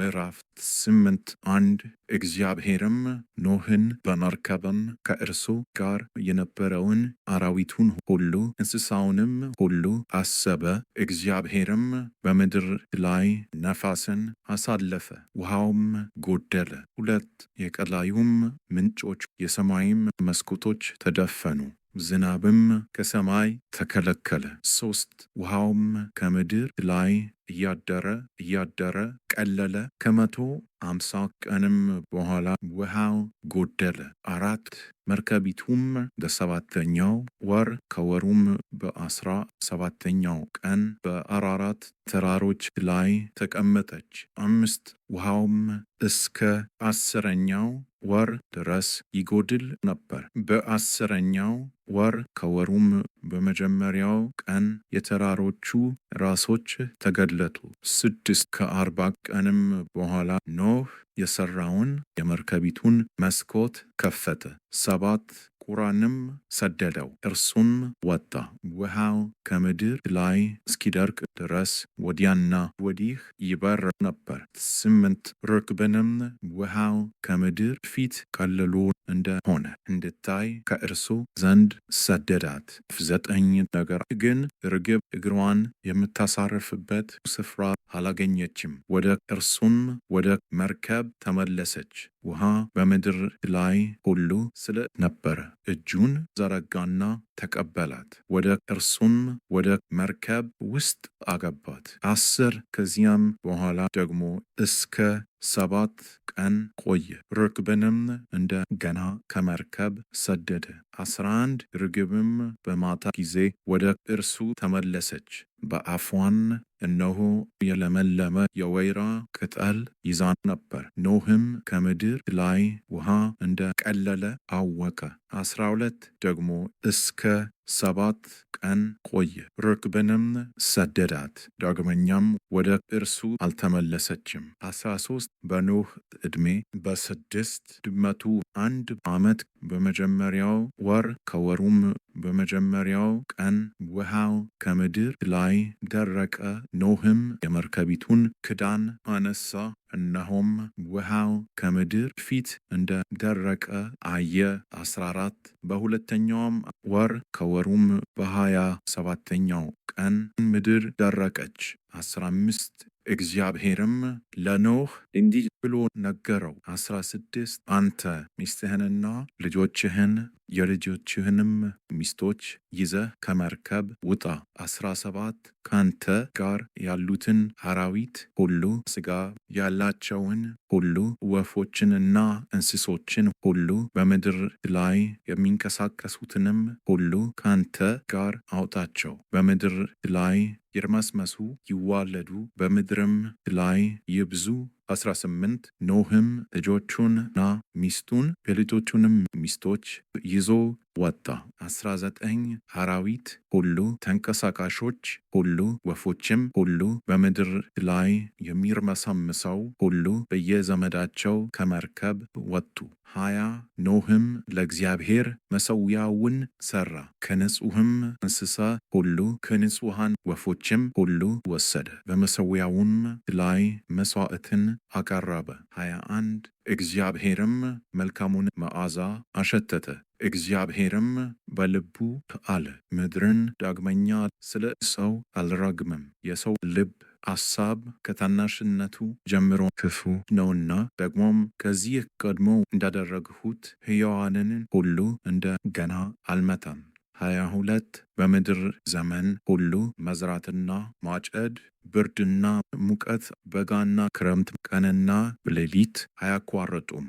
ምዕራፍ ስምንት አንድ እግዚአብሔርም ኖህን በመርከብም ከእርሱ ጋር የነበረውን አራዊቱን ሁሉ እንስሳውንም ሁሉ አሰበ። እግዚአብሔርም በምድር ላይ ነፋስን አሳለፈ፣ ውሃውም ጎደለ፣ ሁለት የቀላዩም ምንጮች የሰማይም መስኮቶች ተደፈኑ። ዝናብም ከሰማይ ተከለከለ። ሶስት ውሃውም ከምድር ላይ እያደረ እያደረ ቀለለ። ከመቶ አምሳ ቀንም በኋላ ውሃው ጎደለ። አራት መርከቢቱም በሰባተኛው ወር ከወሩም በአስራ ሰባተኛው ቀን በአራራት ተራሮች ላይ ተቀመጠች። አምስት ውሃውም እስከ አስረኛው ወር ድረስ ይጎድል ነበር። በአስረኛው ወር ከወሩም በመጀመሪያው ቀን የተራሮቹ ራሶች ተገድለ ዕለቱ ስድስት ከአርባ ቀንም በኋላ ኖህ የሰራውን የመርከቢቱን መስኮት ከፈተ። ሰባት ቁራንም ሰደደው፣ እርሱም ወጣ። ውሃው ከምድር ላይ እስኪደርቅ ድረስ ወዲያና ወዲህ ይበር ነበር። ስምንት ርክብንም ውሃው ከምድር ፊት ቀልሉ እንደሆነ እንድታይ ከእርሱ ዘንድ ሰደዳት። ዘጠኝ ነገር ግን ርግብ እግሯን የምታሳርፍበት ስፍራ አላገኘችም። ወደ እርሱም ወደ መርከብ ተመለሰች። ውሃ በምድር ላይ ሁሉ ስለ ነበረ እጁን ዘረጋና ተቀበላት፣ ወደ እርሱም ወደ መርከብ ውስጥ አገባት። አስር ከዚያም በኋላ ደግሞ እስከ ሰባት ቀን ቆየ። ርግብንም እንደ ገና ከመርከብ ሰደደ። አስራ አንድ ርግብም በማታ ጊዜ ወደ እርሱ ተመለሰች። በአፏን እነሆ የለመለመ የወይራ ቅጠል ይዛ ነበር። ኖህም ከምድር ላይ ውሃ እንደ ቀለለ አወቀ። 12 ደግሞ እስከ ሰባት ቀን ቆየ። ርክብንም ሰደዳት፣ ዳግመኛም ወደ እርሱ አልተመለሰችም። 13 በኖህ ዕድሜ በስድስት ድመቱ አንድ ዓመት በመጀመሪያው ወር ከወሩም በመጀመሪያው ቀን ውሃው ከምድር ላይ ደረቀ። ኖህም የመርከቢቱን ክዳን አነሳ፣ እነሆም ውሃው ከምድር ፊት እንደ ደረቀ አየ። 14 በሁለተኛውም ወር ከወሩም በሃያ ሰባተኛው ቀን ምድር ደረቀች። 15 እግዚአብሔርም ለኖህ እንዲህ ብሎ ነገረው። 16 አንተ ሚስትህንና ልጆችህን የልጆችህንም ሚስቶች ይዘህ ከመርከብ ውጣ። አስራ ሰባት ካንተ ጋር ያሉትን አራዊት ሁሉ፣ ስጋ ያላቸውን ሁሉ፣ ወፎችንና እንስሶችን ሁሉ፣ በምድር ላይ የሚንቀሳቀሱትንም ሁሉ ካንተ ጋር አውጣቸው። በምድር ላይ ይርመስመሱ፣ ይዋለዱ፣ በምድርም ላይ ይብዙ 18 ኖህም ልጆቹንና ሚስቱን የልጆቹንም ሚስቶች ይዞ ወጣ። 19 አራዊት ሁሉ ተንቀሳቃሾች ሁሉ ወፎችም ሁሉ በምድር ላይ የሚርመሰምሰው ሁሉ በየዘመዳቸው ከመርከብ ወጡ። ሀያ ኖህም ለእግዚአብሔር መሠዊያውን ሠራ፣ ከንጹህም እንስሳ ሁሉ ከንጹሐን ወፎችም ሁሉ ወሰደ፣ በመሠዊያውም ላይ መሥዋዕትን አቀረበ። 21 እግዚአብሔርም መልካሙን መዓዛ አሸተተ እግዚአብሔርም በልቡ አለ፣ ምድርን ዳግመኛ ስለ ሰው አልረግምም፣ የሰው ልብ አሳብ ከታናሽነቱ ጀምሮ ክፉ ነውና ደግሞም ከዚህ ቀድሞ እንዳደረግሁት ሕያዋንን ሁሉ እንደ ገና አልመታም። ሀያ ሁለት በምድር ዘመን ሁሉ መዝራትና ማጨድ፣ ብርድና ሙቀት፣ በጋና ክረምት፣ ቀንና ብሌሊት አያቋርጡም።